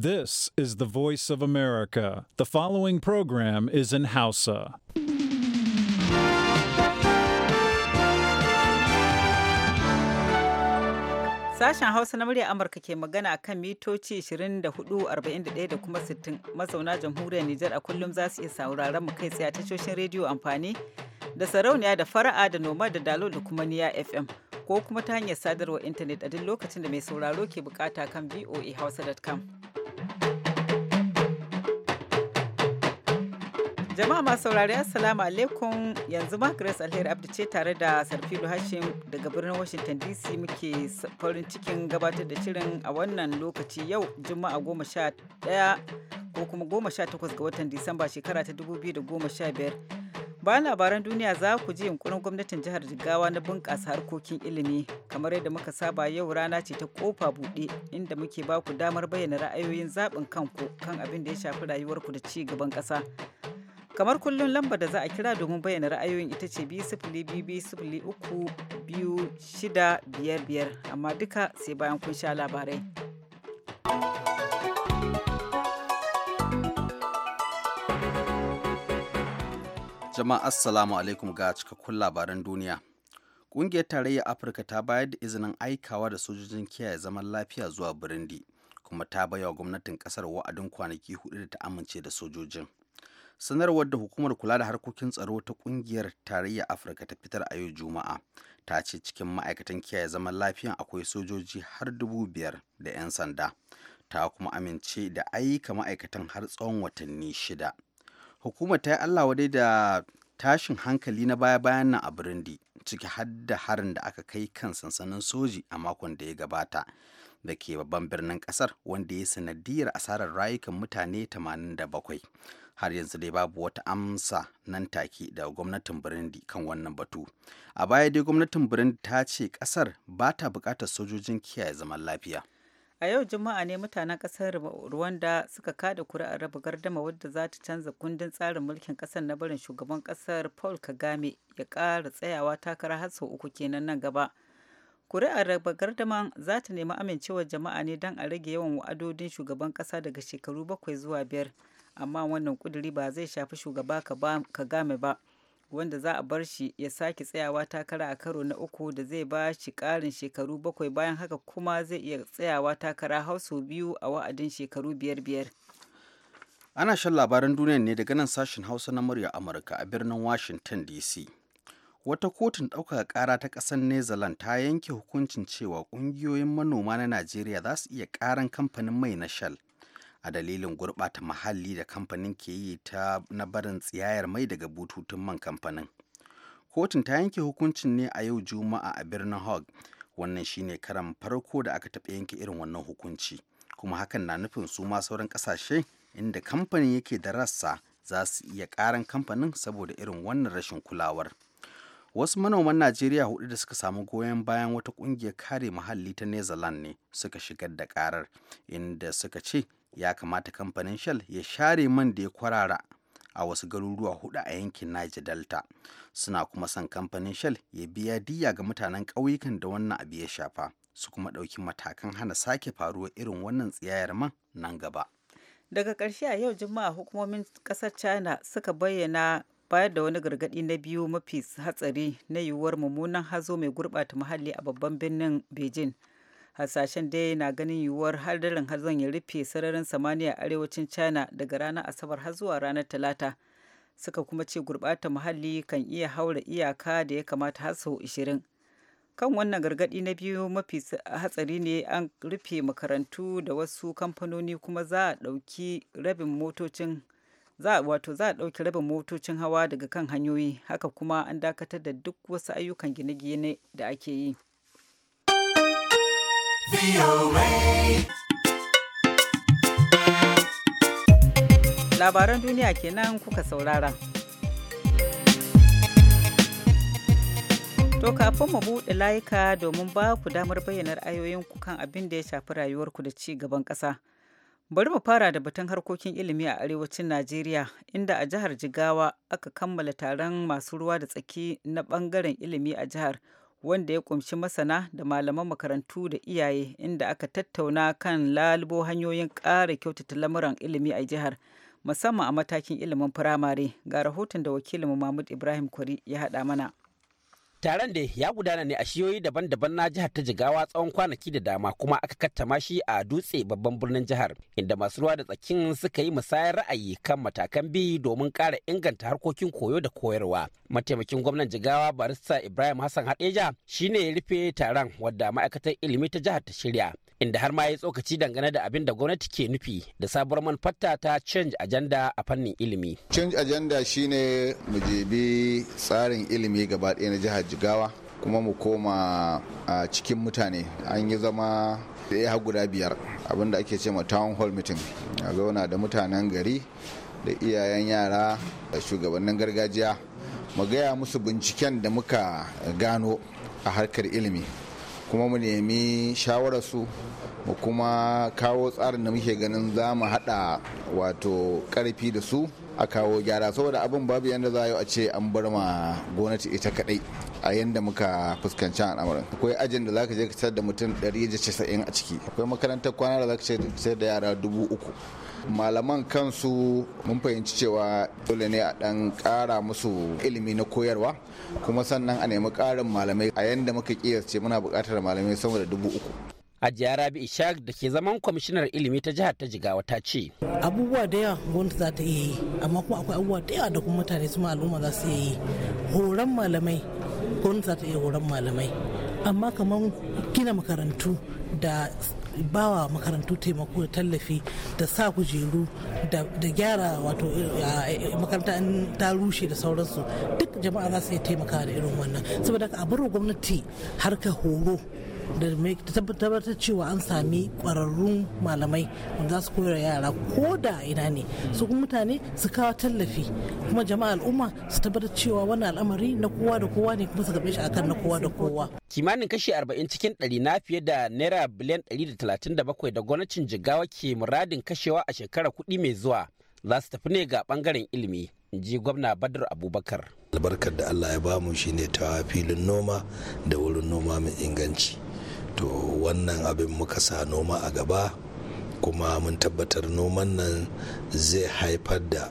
This is the voice of America. The following program is in Hausa. Sashen Hausa na murya Amurka ke magana akan mitoci 24,41 da kuma 60 mazauna jamhuriyar Nijar a kullum za su iya sauraron mu kai tsaye tashoshin rediyo amfani da sarauniya da fara'a da noma da dalo da kuma niya FM. ko kuma ta hanyar sadarwar intanet a duk lokacin da mai sauraro ke bukata kan voahausa.com. Jama'a masu saurari Assalamu alaikum yanzu ma Grace Alheri Abdu ce tare da Sarfilu Hashim daga birnin Washington DC muke farin cikin gabatar da shirin a wannan lokaci yau Juma'a goma sha daya ko kuma goma sha takwas ga watan Disamba shekara ta dubu biyu da goma sha biyar. Bayan labaran duniya za ku ji yunkurin gwamnatin jihar Jigawa na bunƙasa harkokin ilimi kamar yadda muka saba yau rana ce ta kofa buɗe inda muke ba ku damar bayyana ra'ayoyin zaɓin kanku kan abin da ya shafi rayuwarku da ci gaban ƙasa. Kamar kullum lambar da za a kira domin bayyana ra'ayoyin ita ce biyu sifili biyu biyu sifili uku biyu shida biyar biyar amma duka sai bayan kun sha labarai. Jama'a Assalamu alaikum ga cikakkun labaran duniya. Ƙungiyar Tarayyar Afirka ta bayar da izinin aikawa da sojojin kiyaye zaman lafiya zuwa Burundi, kuma ta baiwa gwamnatin ƙasar wa'adin kwanaki hudu da ta amince da sojojin. sanarwar da hukumar kula da harkokin tsaro ta ƙungiyar tarayyar afirka ta fitar a yau juma'a ta ce cikin ma'aikatan kiyaye zaman lafiyan akwai sojoji har dubu biyar da 'yan sanda ta kuma amince da ayyuka ma'aikatan har tsawon watanni shida hukumar ta yi allah wadai da tashin hankali na baya-bayan nan a burundi ciki har da harin da aka kai kan sansanin soji a makon da ya gabata da ke babban birnin kasar wanda ya sanadiyar asarar rayukan mutane 87 har yanzu dai babu wata amsa nan take da gwamnatin burundi kan wannan batu a baya dai gwamnatin burundi ta ce kasar ba ta bukatar sojojin kiyaye zaman lafiya a yau juma'a ne mutanen ƙasar rwanda suka kada kuri'ar raba gardama wadda za ta canza kundin tsarin mulkin ƙasar na barin shugaban ƙasar paul kagame ya ƙara tsayawa takara har sau uku kenan nan gaba kuri'ar raba gardaman za ta nemi amincewar jama'a ne don a rage yawan wa'adodin shugaban ƙasa daga shekaru bakwai zuwa biyar amma wannan kuduri ba zai shafi shugaba kagame ba wanda za a bar shi ya sake tsayawa takara a karo na uku da zai ba shi ƙarin shekaru bakwai bayan haka kuma zai iya tsayawa takara sau biyu a wa'adin shekaru biyar biyar. Ana shan labaran duniya ne daga nan sashen Hausa na murya Amurka a birnin Washington DC. Wata kotun ɗaukaka ƙara ta ƙasar Netherlands ta yanke hukuncin cewa ƙungiyoyin manoma na Najeriya za su iya ƙaran kamfanin mai na Shell a dalilin gurɓata muhalli da kamfanin ke yi ta na barin tsiyayar mai daga bututun man kamfanin kotun ta yanke hukuncin ne a yau juma'a a birnin hog wannan shine karan farko da aka taɓa yanke irin wannan hukunci kuma hakan na nufin su ma sauran ƙasashe inda kamfanin yake da rassa za su iya ƙaran kamfanin saboda irin wannan rashin kulawar wasu manoman najeriya hudu da suka samu goyon bayan wata ƙungiyar kare muhalli ta netherlands ne suka shigar da ƙarar inda suka ce ya kamata kamfanin shell ya share man da ya kwarara a wasu garuruwa hudu a yankin Niger Delta suna kuma son kamfanin Shell ya biya diya ga mutanen ƙauyukan da wannan abu ya shafa su kuma ɗauki matakan hana sake faruwa irin wannan tsiyayar man nan gaba. Daga ƙarshe a yau Juma'a hukumomin ƙasar China suka bayyana bayar da wani gargaɗi na biyu mafi hatsari na yiwuwar mummunan hazo mai gurɓata muhalli a babban birnin Beijing. hasashen dai na ganin yiwuwar hadarin hazon ya rufe sararin samaniya arewacin china daga ranar asabar har zuwa ranar talata suka kuma ce gurɓata muhalli kan iya haura iyaka da ya kamata har sau ishirin kan wannan gargaɗi na biyu mafi hatsari ne an rufe makarantu da wasu kamfanoni kuma za a ɗauki rabin motocin za wato za a ɗauki rabin motocin hawa daga kan hanyoyi haka kuma an dakatar da duk wasu ayyukan gine-gine da ake yi Labaran duniya kenan kuka saurara. To kafin mu buɗe layuka domin ba ku damar bayyana ku kan abin da ya shafi rayuwarku da ci gaban ƙasa. Bari mu fara da batun harkokin ilimi a arewacin Najeriya, inda a jihar Jigawa aka kammala taron masu ruwa da tsaki na ɓangaren ilimi a jihar, wanda ya kumshi masana da malaman makarantu da iyaye inda aka tattauna kan lalubo hanyoyin ƙara kyautata lamuran ilimi a jihar musamman a matakin ilimin firamare ga rahoton da wakilin mahmud ibrahim kwari ya haɗa mana taron da ya gudana ne a shiyoyi daban-daban na jihar ta jigawa tsawon kwanaki da dama kuma aka kattama shi a dutse babban birnin jihar inda masu ruwa da tsakin suka yi musayar ra'ayi kan matakan bi domin ƙara inganta harkokin koyo da koyarwa mataimakin gwamnan jigawa barista ibrahim hassan hadeja shine ya rufe taron wadda ma'aikatar ilimi ta jihar ta shirya inda har ma ya tsokaci dangane da abin da gwamnati ke nufi da sabuwar manufarta ta change agenda a fannin ilimi. Change agenda shine mu jebi tsarin ilimi gaba na jihar Jigawa kuma mu koma a cikin mutane an yi zama da ya guda biyar abinda ake ce ma town hall meeting a zauna da mutanen gari da iyayen yara da shugabannin gargajiya mu gaya musu binciken da muka gano a harkar ilimi kuma mu nemi su mu kuma kawo tsarin da muke ganin za mu haɗa wato karfi da su a kawo gyara saboda abin babu yadda za a ce an bar ma gwamnati ita kadai a yadda muka fuskanci al'amarin akwai ajin da zaka je ka da mutum 190 a ciki akwai makarantar kwana da zaka ce da yara dubu uku malaman kansu mun fahimci cewa dole ne a dan kara musu ilimi na koyarwa kuma sannan a nemi karin malamai a yadda muka kiyasce muna bukatar malamai sama da dubu uku a jihar Rabi Ishaq da ke zaman kwamishinar ilimi ta jihar ta Jigawa ta ce. Abubuwa da yawa gwamnati za ta iya yi, amma kuma akwai abubuwa da yawa da kuma mutane su al'umma za su iya yi. Horon malamai, gwamnati za ta iya horon malamai. Amma kamar gina makarantu da bawa makarantu taimako da tallafi da sa kujeru da gyara wato eh, eh, makaranta ta rushe da sauransu duk jama'a za su iya taimaka da irin wannan saboda a bar gwamnati harkar horo da tabbatar cewa an sami kwararrun malamai wanda su koyar yara ko da ina ne su kuma mutane su kawo tallafi kuma jama'a al'umma su tabbatar cewa wani al'amari na kowa da kowa ne kuma su gabe shi akan na kowa da kowa kimanin kashi 40 cikin 100 na fiye da naira biliyan 137 da gwamnatin jigawa ke muradin kashewa a shekara kuɗi mai zuwa za su tafi ne ga bangaren ilimi ji gwamna badar abubakar albarkar da allah ya bamu shine ta filin noma da wurin noma mai inganci to wannan abin muka sa noma a gaba kuma mun tabbatar noman nan zai haifar da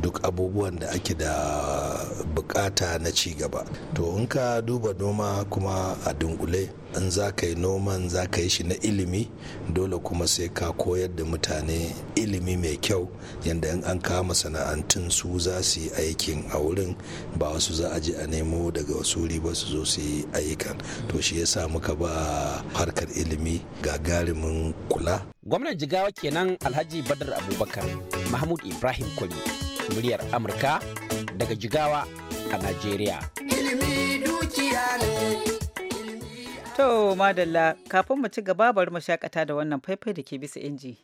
duk abubuwan da ake da bukata na ci gaba to in ka duba noma kuma a dunkule in za ka yi noman za ka yi shi na ilimi dole kuma sai ka koyar da mutane ilimi mai kyau yadda in an kama sana'antun su za su yi aikin a wurin ba wasu za a je a nemo daga wasu wuri ba su zo su yi ayyukan to shi ya sa muka ba harkar ilimi gagarumin kula gwamnan jigawa kenan alhaji badar abubakar mahmud ibrahim kwami muryar Amurka daga Jigawa a Najeriya. Ilimi dukiya ne. To Madalla, kafin mu ci gaba bari mu shakata da wannan faifai da ke bisa inji.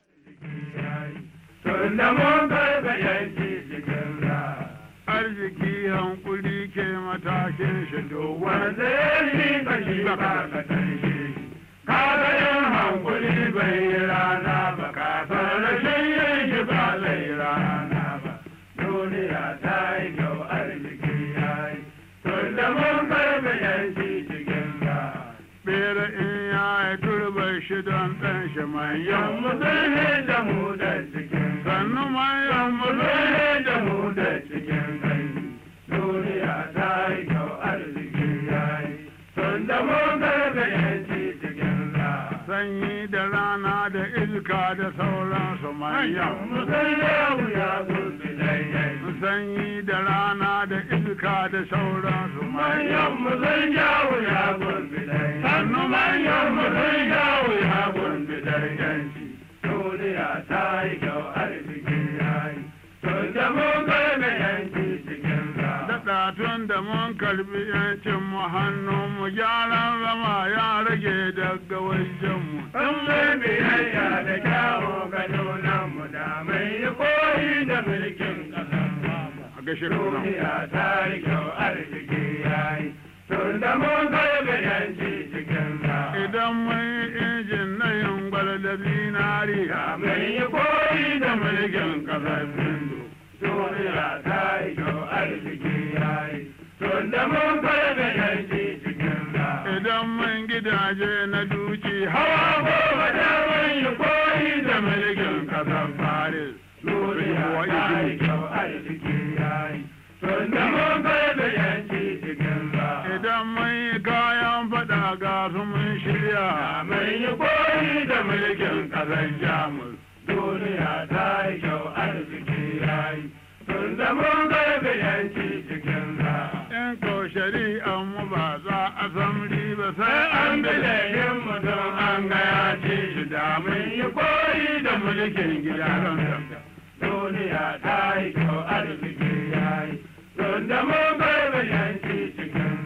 Arziki hankuli ke matakin shi, to wanda ya shi ba ba ka mai yamma da mu da cikin sannu zai da da cikin mata da sauransu manyan sanyi da rana da iska da sauransu manyan musan jawo ya gurbi dan sannu manyan musan jawo ya gurbi dan duniya ta yi kyau arziki ya yi tun da mun gurbi tun da mun karbi yancin mu hannu mu gyaran zama ya rage daga wajen mu. Sun mai biyayya da kyawo ga nunan mu da mai yi koyi da mulkin ƙasar mu. A gashi Duniya ta yi kyau arziki ya yi. Tun da mun karbi yanci cikin sa. Idan mun yi injin na yin da zinari. Da mai yi koyi da mulkin ƙasar Hindu. Duniya ta yi kyau arziki Idan mun gidaje na duki hawa ko da mun yi koyi da mulkin kasan Paris. Duniya ta yi kyau arziki ya yi. Tunda mun da yanki cikin za. Idan mun yi kayan faɗa ga su mun shirya. Mun yi koyi da mulkin kasan Jamus. Duniya ta yi kyau arziki ya yi. Tunda mun sai an bi laifin mutum an gaya ce shi da mun yi koyi da mulkin gida duniya ta yi kyau arziki ya yi don da mun bai bayanci cikin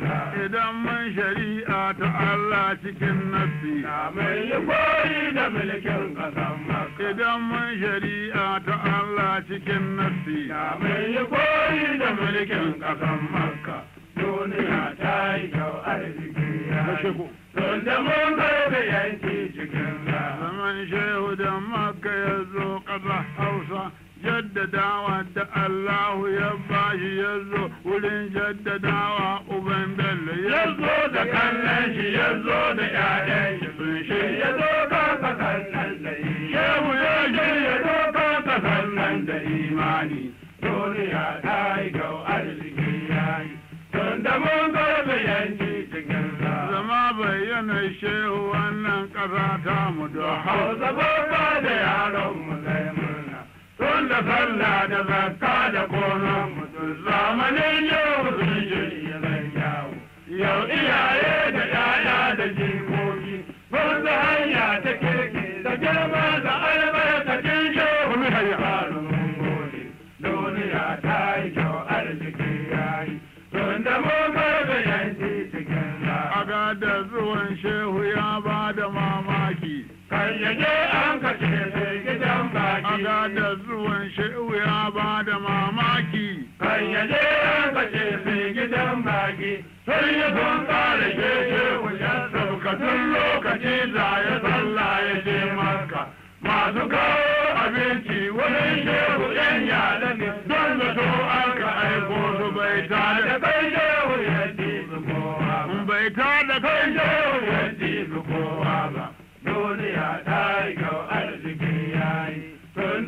idan mun shari'a ta Allah cikin nafi. da mun yi koyi da mulkin kasan maka idan mun shari'a ta Allah cikin nafi. da mun yi koyi da mulkin kasan maka duniya ta yi kyau arziki ya yi don da mun karfe yanki cikin ga zaman shehu da maka ya zo ƙasa hausa jaddadawa da allahu ya bashi ya zo wurin jaddadawa uban bello ya zo da kallon shi ya zo da 'ya'yan shi sun shi ya zo kasa kallon da shehu ya je ya zo kasa kallon da imani duniya ta yi kyau arziki zama bayyana shehu wannan ƙasa ta mu don hausa ba da yaron mu zai murna tun da sallah da zakka da konon mu zamanin yau sun shirya zan yawo yau iyaye da yaya da jikoki ban hanya ta kirki da girma da albarkacin shehu mu hayya shiga da zuwan shehu ya ba da mamaki. Kan ya je an kace sai gidan baki, sai ya son kare ke shehu ya tun lokaci da ya tsalla ya je maka. Masu kawo abinci wani shehu yan yada ne, don zato to an ka aiko su bai ta da kai shehu ya ci su ba. Bai ta da kai shehu ya ci su kowa ba. Duniya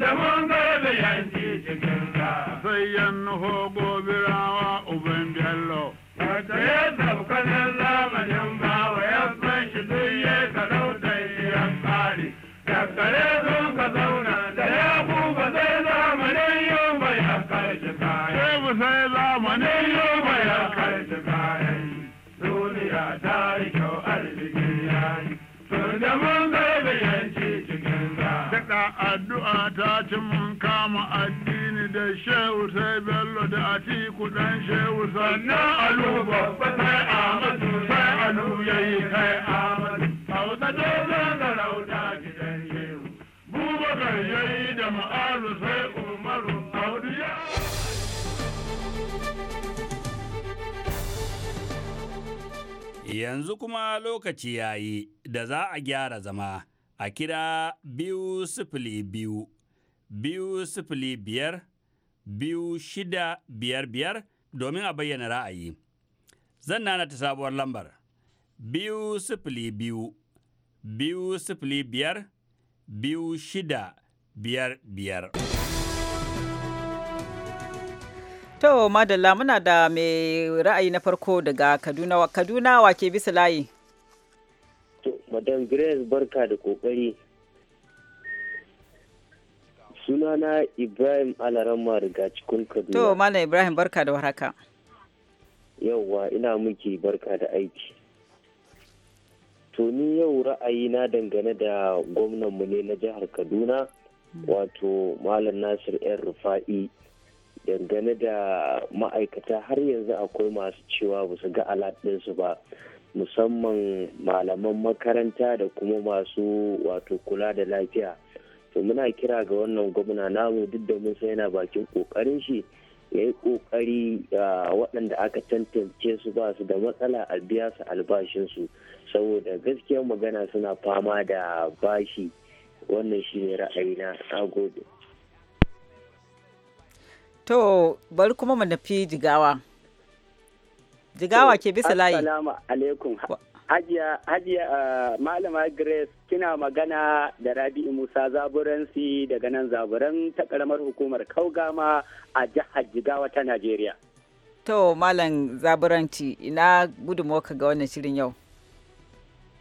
da mun ga da yanki cikin ka. Sai yan hogobirawa uban bello. Wata ya zaukanin lama. shehu sai bello da atiku dan shehu sannan alu babba sai amadu sai alu yayi kai amadu hausa da zanga rauta gidan shehu bubakar yayi da ma'aru sai umaru audu ya Yanzu kuma lokaci yayi da za a gyara zama a kira biyu sifili biyu, biyu sifili biyar biyu shida biyar biyar domin a bayyana ra'ayi. Zan nana ta sabuwar lambar biyu sifili biyu biyu sifili biyar biyu shida biyar biyar. To madalla muna da mai ra'ayi na farko daga Kaduna Kaduna ke bisa layi. Madam Grace barka da kokari sunana ibrahim alarama daga cikin kaduna to ibrahim barka da warhaka yauwa ina miki barka da aiki tuni yau ra'ayi na dangane da gwamnanmu ne na jihar kaduna wato malam nasir yan rufa'i dangane da ma'aikata har yanzu akwai masu cewa ba su ga alaɗinsu ba musamman malaman makaranta da kuma masu wato kula da lafiya to muna kira ga wannan gwamna namu duk da mun san yana bakin kokarin shi ya yi kokari waɗanda aka tantance su ba su da matsala a biya su albashinsu saboda gaskiyar magana suna fama da bashi wannan shi ne ra'ayina na gode to bari kuma mu nafi jigawa jigawa ke bisa layi Hajiya, Hajiya, uh, Malama Grace, kina magana da Rabi'u Musa Zaburansi daga nan Zaburan ta karamar hukumar Kaugama a jihar Jigawa ta Najeriya. To, Malam Zaburanci, ina gudunmuwarka ga wannan shirin yau.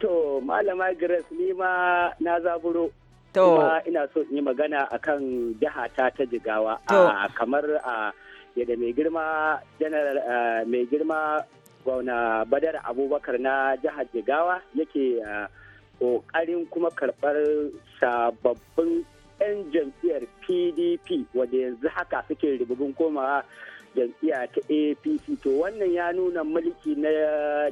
To, Malama Grace, ni ma na zaburo. To. Kuma ina so yi magana akan jihata ta Jigawa. To. Ah, kamar a ah, yadda mai girma general ah, mai girma gwamna badar abubakar na jihar jigawa yake kokarin kuma karɓar sababbin 'yan jam'iyyar pdp wadda yanzu haka suke rububin komawa jam'iyya ta apc to wannan ya nuna mulki na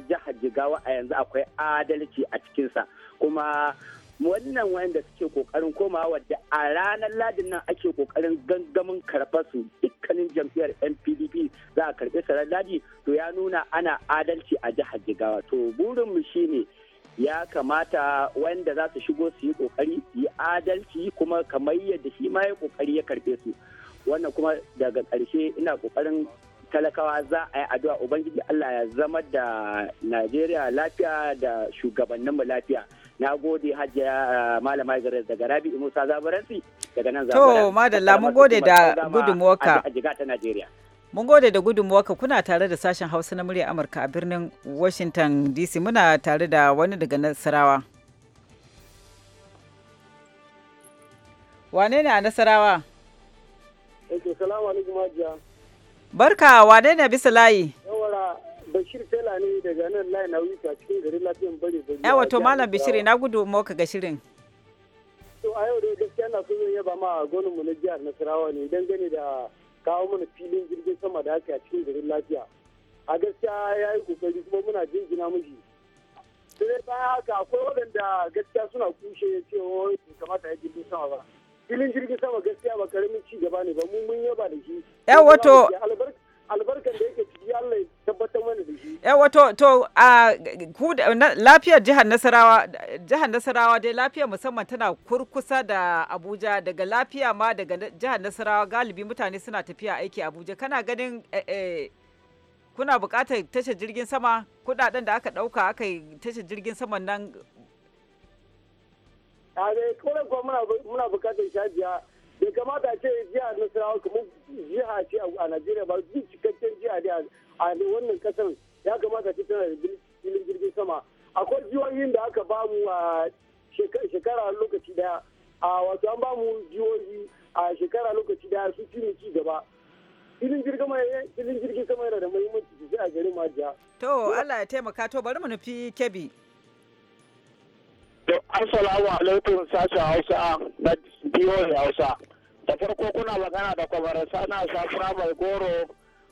jihar jigawa a yanzu akwai adalci a cikinsa kuma wannan wayanda suke kokarin komawa wadda a ranar ladin nan ake kokarin gangamin karɓar su dukkanin jam'iyyar NPDP za a karɓi su ladi to ya nuna ana adalci a jihar Jigawa to burin mu shine ya kamata wanda za su shigo su yi kokari yi adalci kuma kamar yadda shi ma ya kokari ya karɓe su wannan kuma daga ƙarshe ina kokarin talakawa za a yi addu'a ubangiji Allah ya zama da Najeriya lafiya da shugabanninmu lafiya. na gode hajja eh, malama gares daga rabi musa zabaransi daga nan zabaransi to madalla mun gode da gudunmuwarka mun gode da gudunmuwarka kuna tare da sashen hausa na murya amurka a birnin washington dc muna tare da wani daga nasarawa wane ne a nasarawa eh, Barka wane ne bisa layi? Bashir Tela ne daga nan layin na a cikin gari lafiyan bari bari. Yawa to Malam bishiri na gudu ka ga shirin. To a yau dai gaskiya na so zan yaba ma gonin mu na jihar Nasarawa ne dan gane da kawo mana filin jirgin sama da aka a cikin gari lafiya. A gaskiya ya yi kokari kuma muna jinjina miji Sai bayan haka akwai waɗanda gaskiya suna kushe cewa bai kamata ya jirgin sama ba. Filin jirgin sama gaskiya ba karamin ci gaba ne ba mun yaba da shi. Yawa to. albarkan da yake ciki Allah ya tabbatar mana da shi. Yawa eh, to to a ku lafiyar jihar Nasarawa jihar Nasarawa dai lafiyar musamman tana kurkusa da Abuja daga lafiya ma daga jihar Nasarawa galibi mutane suna tafiya aiki Abuja kana ganin eh, eh, kuna buƙatar tashe jirgin sama kudaden da aka ɗauka aka yi jirgin saman nan. A dai kawai muna buƙatar shajiya bai kamata ce jihar nasarawa kuma jiha ce a najeriya ba duk cikakken jiha ne a wannan kasar ya kamata ce tana da filin jirgin sama akwai jihohin da aka ba mu a shekara lokaci daya a wato an ba mu jihohi a shekara lokaci daya su ci ci gaba filin jirgin sama yana da muhimmanci sosai a garin majiya to allah ya taimaka to bari mu nufi kebi Assalamu alaikum sashen Hausa na biyo Hausa. da farko kuna magana da kwamar sana safura mai goro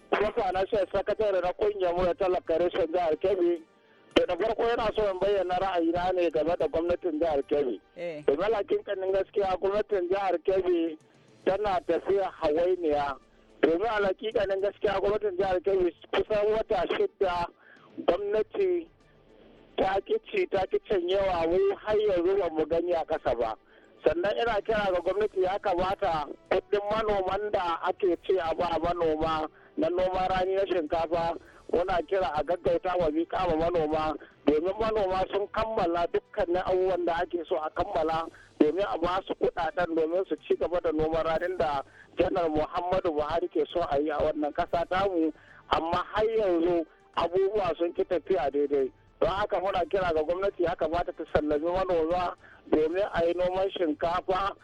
kuma na shi sakatare na kunya mu da talaka rashin jihar kebbi to da farko yana so in bayyana ra'ayina ne game da gwamnatin jihar kebbi eh. to malakin kanin gaskiya gwamnatin jihar kebbi tana tafiya hawainiya domin a lakikanin gaskiya gwamnatin jihar kebbi kusan wata shida gwamnati ta kici ta kicin yawa mu har yanzu ba mu gani a kasa ba sannan ina kira ga gwamnati ya kamata kuɗin manoman da ake ce a ba manoma na noma rani na shinkafa muna kira a gaggauta wa miƙa wa manoma domin manoma sun kammala dukkanin abubuwan da ake so a kammala domin a basu su kuɗaɗen domin su ci gaba da noman ranin da janar muhammadu buhari ke so a yi a wannan ƙasa tamu amma har yanzu abubuwa sun ki tafiya daidai don haka muna kira ga gwamnati ya kamata ta sallami manoma domin a yi noman shinkafa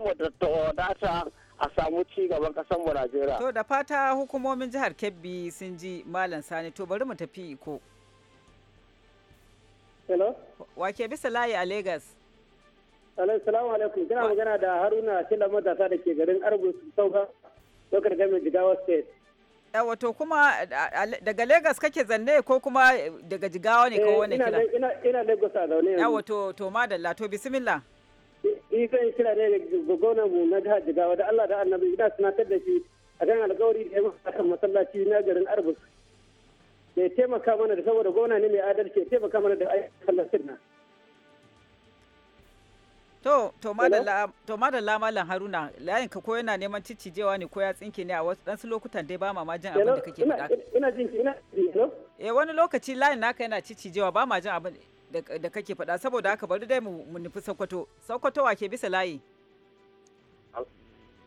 mu da ta wadata a samu ci gaban kasan mu Najeriya. To da fata hukumomin jihar Kebbi sun ji Malam Sani to bari mu tafi Iko. Hello? ke bisa layi a Legas. Assalamu alaikum, kina magana da Haruna Tila matasa da ke garin Argus Sauka, Lokar Gamin Jigawa State. wato kuma daga Legas kake zanne ko kuma daga Jigawa ne kawo eh, wani kila? Ina Legas a zaune. yanzu. yawo to madalla to bismillah. yi kira ne ga gona mu na jihar Jigawa da Allah da Annabi ina tunatar da shi a kan alƙawari da ya a kan masallaci na garin Arbus. Ya taimaka mana da saboda gona ne mai adalci ya taimaka mana da ayyukan sallatin na. To, to madalla malam Haruna, layin ka ko yana neman ciccijewa ne ko ya tsinke ne a wasu ɗansu lokutan dai ba ma ma jin abin da kake faɗa. Ina jin ina jin Eh wani lokaci layin naka yana ciccijewa ba ma jin abin da kake faɗa saboda haka bari dai mu nufi Sokoto. Sokoto wa ke bisa layi?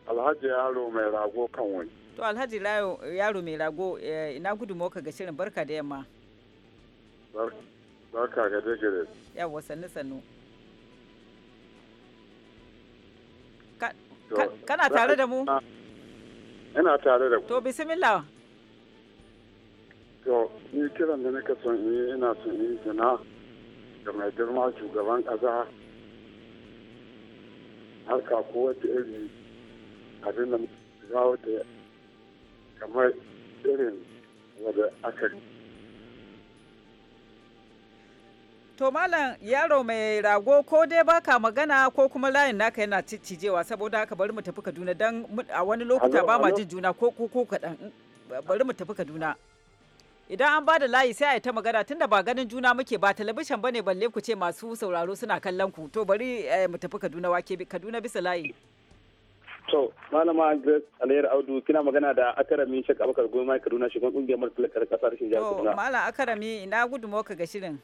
Alhaji Yaro mai rago kan wani. To Alhaji Yaro mai rago eh, ina gudu moka ga shirin barka da yamma. Barka ga dagare. Yawwa sannu sannu. Kana tare da mu? Ah, ina tare da ku. To bismillah. To ni kiran da nake son yi ina son yi zina da mai girma shugaban ƙasa harka kowa wata iri abin da za kamar irin wadda aka To malam yaro mai rago ko dai baka magana ko kuma layin naka yana ciccijewa saboda haka bari mu tafi Kaduna don a wani lokuta ba ma jin juna ko ko kaɗan bari mu tafi Kaduna. Idan an bada layi sai a yi ta magana tunda ba ganin juna muke ba talabishin bane balle ku ce masu sauraro suna kallon ku to bari eh, mu tafi Kaduna wake Kaduna bisa layi. To, malama Grace Alayar Audu kina magana da Akarami Shek Abubakar Goma Kaduna shugaban kungiyar Mulkin Kasar Shin Jihar Kaduna. Malam Akarami ina gudunmawa ka ga shirin.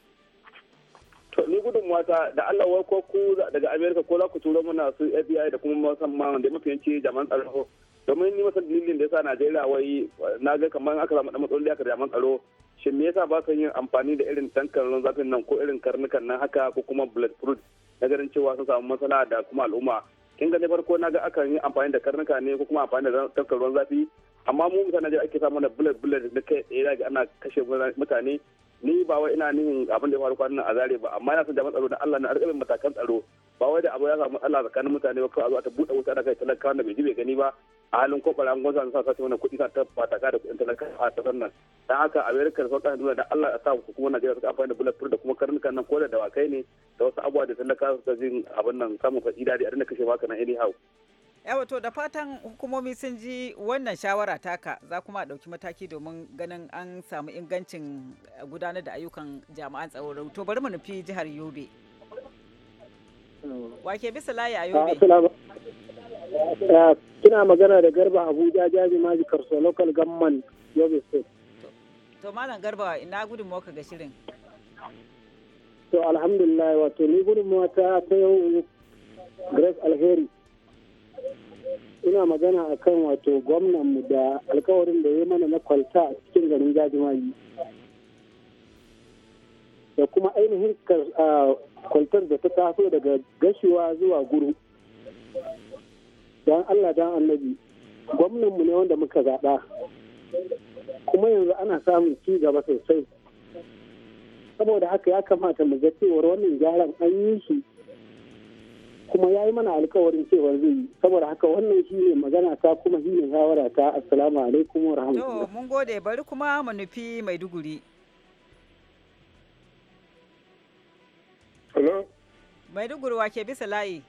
to ni gudun wata da Allah wa ko ku daga Amerika ko za ku turo mana su FBI da kuma musamman da yanci jaman tsaro domin ni masa dalilin da yasa Najeriya wai na ga kamar aka samu tsoron aka jaman tsaro shin me yasa ba ka yin amfani da irin ruwan zafin nan ko irin karnukan nan haka ko kuma blood fruit na ganin cewa sun samu matsala da kuma al'umma kin ga farko na ga aka yi amfani da karnuka ne ko kuma amfani da tankan ruwan zafi amma mu mutane da ake samu na bullet bullet da kai tsaye daga ana kashe mutane ni ba wai ina nin abin da ya faru kwanan a zare ba amma na san jami'an tsaro da Allah na arkabin matakan tsaro ba wai da abu ya samu Allah tsakanin mutane ba kawai a zo ta buɗe wuta da kai talaka wanda bai ji bai gani ba a halin kofar an gwamnati sa sace wannan kuɗi sa ta fataka da kuɗin talaka a kasar nan dan haka America da sauran duniya da Allah ya sa hukumar Najeriya suka amfani da bulletproof da kuma karnuka nan ko da dawakai ne da wasu abubuwa da talakawa suka jin abin nan samun faɗi da a dinga kashe baka na anyhow yawa to da fatan hukumomi sun ji wannan shawara taka za kuma a ɗauki mataki domin ganin an samu ingancin eh, gudanar da ayyukan jami'an tsaro to bari mu nufi jihar yobe wake bisa layi a yobe kina magana da garba abuja jaji maji karso local government yobe state to malam garba ina gudun moka ga shirin to alhamdulillah wato ni gudun ta ta yau grace alheri ina magana a kan wato gwamnanmu da alkawarin da ya yi mana na kwalta a cikin garin jajimayi da kuma ainihin kwaltar da ta taso daga gashiwa zuwa guru don allah don annabi gwamnanmu ne wanda muka zaɓa kuma yanzu ana samun ci gaba sosai saboda haka ya kamata mu ga cewar wannan gyaran an yi shi kuma ya yi mana alkawarin cewa zai yi saboda haka wannan shi ne magana ta kuma shi ne shawara ta assalamu alaikum wa mun gode bari kuma mu nufi maiduguri hello maiduguri wa ke bisa layi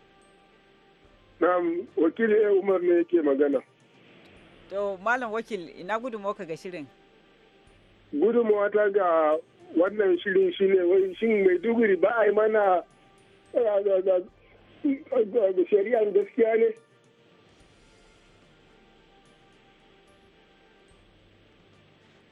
na'am wakili umar ne yake magana to malam wakil ina gudunmu ka ga shirin gudunmawa ta ga wannan shirin shine wai shin maiduguri ba a yi mana eh, eh, eh, da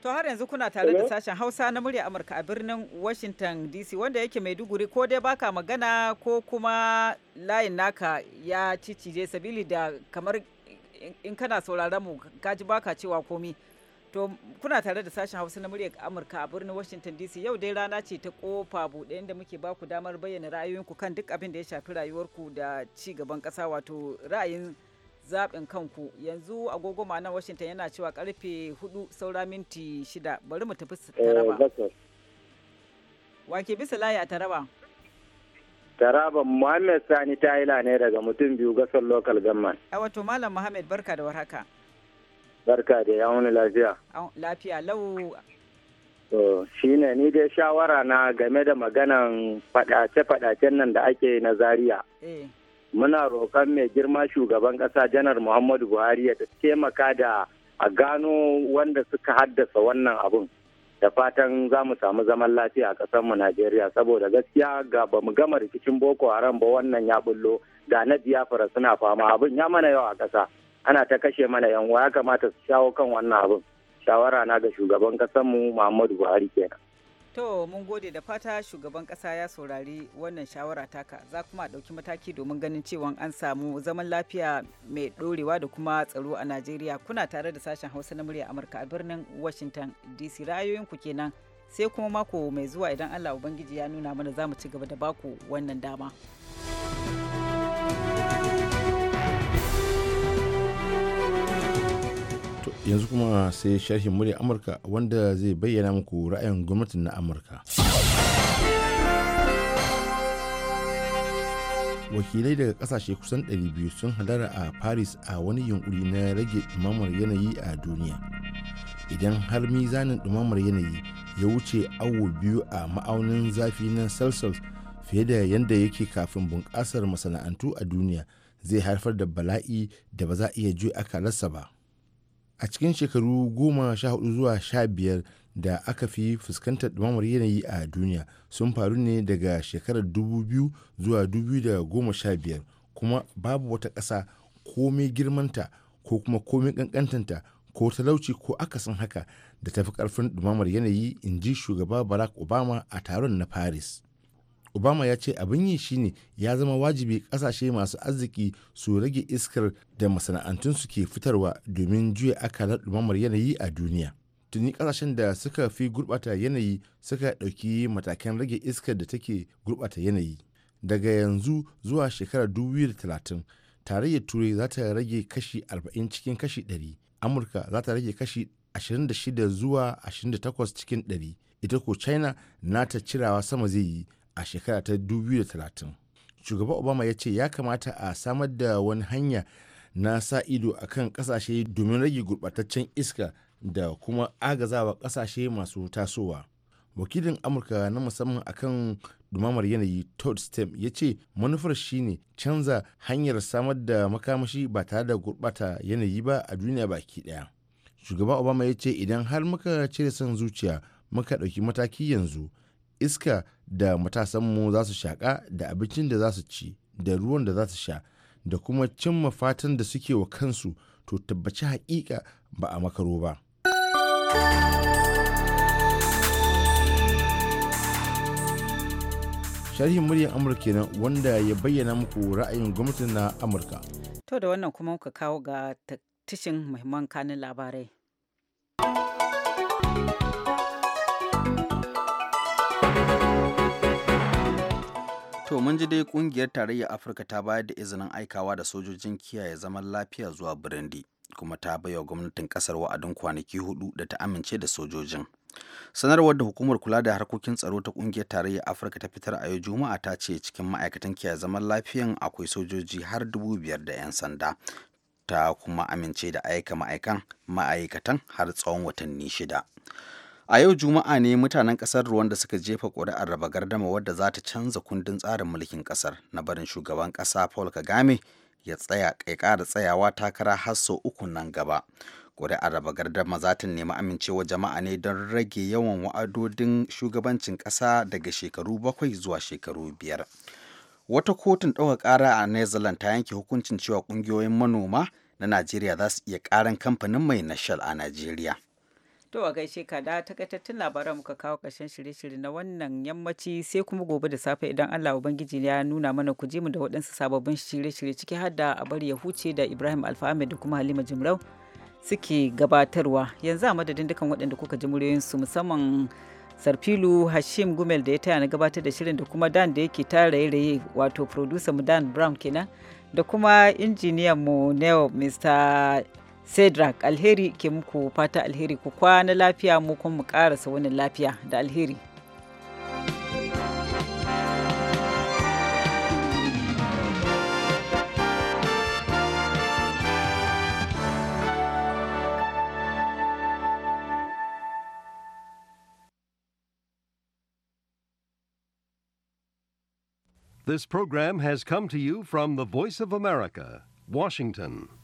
To har yanzu kuna tare da sashen Hausa na murya Amurka a birnin Washington DC wanda yake Maiduguri ko dai baka magana ko kuma layin naka ya cicije sabili da kamar in kana sauraron mu kaji baka cewa komi To kuna tare da sashen Hausa na muryar Amurka a birnin Washington DC yau dai rana ce ta kofa buɗe inda muke ba ku damar bayyana ra'ayoyinku kan duk abin da ya shafi rayuwarku da ci gaban ƙasa wato ra'ayin zaɓin kanku yanzu agogo ma nan Washington yana cewa karfe hudu saura minti shida bari mu tafi eh, Taraba. Wake bisa layi a Taraba. Taraba Muhammad Sani yi ne daga mutum biyu gasar local gamman. A wato Malam Muhammad barka da warhaka. Barka da wani lafiya. Lafiya lau. To shi ne ni dai shawara na game da maganan faɗace-faɗacen nan da ake na Zaria. Eh. Muna roƙon mai girma shugaban ƙasa janar Muhammadu Buhari ya taimaka da a gano wanda suka haddasa wannan abun. Da fatan za mu samu zaman lafiya a mu Najeriya saboda gaskiya ga ba mu gama rikicin Boko Haram ba wannan ya bullo da na biyafara suna fama abin ya mana yawa a ƙasa. ana ta kashe mana yan ya kamata su shawo kan wannan abin shawara na ga shugaban mu muhammadu buhari kenan to mun gode da fata shugaban kasa ya saurari wannan shawara taka za kuma ɗauki mataki domin ganin cewa an samu zaman lafiya mai ɗorewa da kuma tsaro a najeriya kuna tare da sashen hausa na murya amurka a birnin washington dc ku kenan sai kuma mako mai zuwa idan allah ubangiji ya nuna mana za mu ci gaba da baku wannan dama. yanzu kuma sai sharhin murya Amurka wanda zai bayyana muku ra'ayin gwamnatin na Amurka. wakilai daga kasashe kusan 200 sun halara a paris a wani yunkuri na rage dumamar yanayi a duniya idan har mizanin dumamar yanayi ya wuce awo biyu a ma'aunin zafi na celsius fiye da yadda yake kafin bunƙasar masana'antu a duniya zai haifar da bala'i da ba za a iya juya akalarsa ba a cikin shekaru goma sha hudu zuwa sha biyar da aka fi fuskantar dumamar yanayi a duniya sun faru ne daga shekarar 2000 zuwa dubu da goma sha biyar kuma babu wata ƙasa komai girmanta ko kuma komai ƙanƙantanta ko talauci ko akasin haka da tafi ƙarfin dumamar yanayi in ji shugaba barack obama a taron na paris obama ya ce abin yi shine ya zama wajibi kasashe masu arziki su rage iskar da masana'antunsu ke fitarwa domin juya akalar ɗumamar yanayi a duniya tuni kasashen da suka fi gurbata yanayi suka ɗauki matakan rage iskar da take gurbata yanayi daga yanzu zuwa shekarar 2030 tarayyar turai za ta rage kashi 40 cikin kashi 100 amurka za ta rage kashi 26 zuwa 28 cikin 100 ita ko china na ta cirawa sama zai yi a shekara ta 2030 shugaba obama ya ce ya kamata a samar da wani hanya na sa ido a kan kasashe domin rage gurɓataccen iska da kuma agazawa kasashe masu tasowa wakilin amurka na musamman akan dumamar yanayi todd stem ya ce manufar shine canza hanyar samar da makamashi ba tare da gurɓata yanayi ba a duniya baki ɗaya shugaba obama ya ce idan har muka cire son zuciya muka ɗauki mataki yanzu iska da matasanmu za su shaƙa da abincin da za su ci da ruwan da za su sha da kuma cimma fatan da suke wa kansu to tabbaci haƙiƙa ba a makaro ba. sharhin muryar amurka kenan wanda ya bayyana muku ra'ayin gwamnatin na amurka to da wannan kuma muka kawo ga tashin muhimman kanin labarai To mun ji dai kungiyar tarayyar Afirka ta bayar da izinin aikawa da sojojin kiyaye zaman lafiya zuwa Burundi kuma ta baiwa gwamnatin kasar wa'adin kwanaki hudu da ta amince da sojojin. Sanarwar da hukumar kula da harkokin tsaro ta kungiyar tarayyar Afirka ta fitar a yau Juma'a ta ce cikin ma'aikatan kiyaye zaman lafiyan akwai sojoji har dubu biyar da 'yan sanda ta kuma amince da aika ma'aikan ma'aikatan har tsawon watanni shida. A yau Juma'a ne mutanen ƙasar da suka jefa ƙuri'ar raba gardama wadda za ta canza kundin tsarin mulkin ƙasar na barin shugaban ƙasa Paul Kagame ya tsaya kai ƙara tsayawa takara har sau uku nan gaba. Ƙuri'ar raba gardama za ta nemi amincewa jama'a ne don rage yawan wa'adodin shugabancin ƙasa daga shekaru bakwai zuwa shekaru biyar. Wata kotun ɗaukar ƙara a Netherlands ta yanke hukuncin cewa ƙungiyoyin manoma na Najeriya za su iya ƙaran kamfanin mai na Shell a Najeriya. To a gaishe ka da takaitattun labaran muka kawo karshen shirye-shirye na wannan yammaci sai kuma gobe da safe idan Allah Ubangiji ya nuna mana ku je mu da waɗansu sababbin shirye-shirye ciki har da a bari ya huce da Ibrahim alfahmed da kuma Halima Jimrau suke gabatarwa. Yanzu a madadin dukan waɗanda kuka ji su musamman Sarfilu Hashim Gumel da ya taya na gabatar da shirin da kuma Dan da yake ta raye-raye wato producer mu Dan Brown kenan da kuma injiniyan mu Neo Mr. cedric alheri ke muku fata alheri ku kwana lafiya mu kuma mu karasa wani lafiya da alheri This program has come to you from the Voice of America, Washington.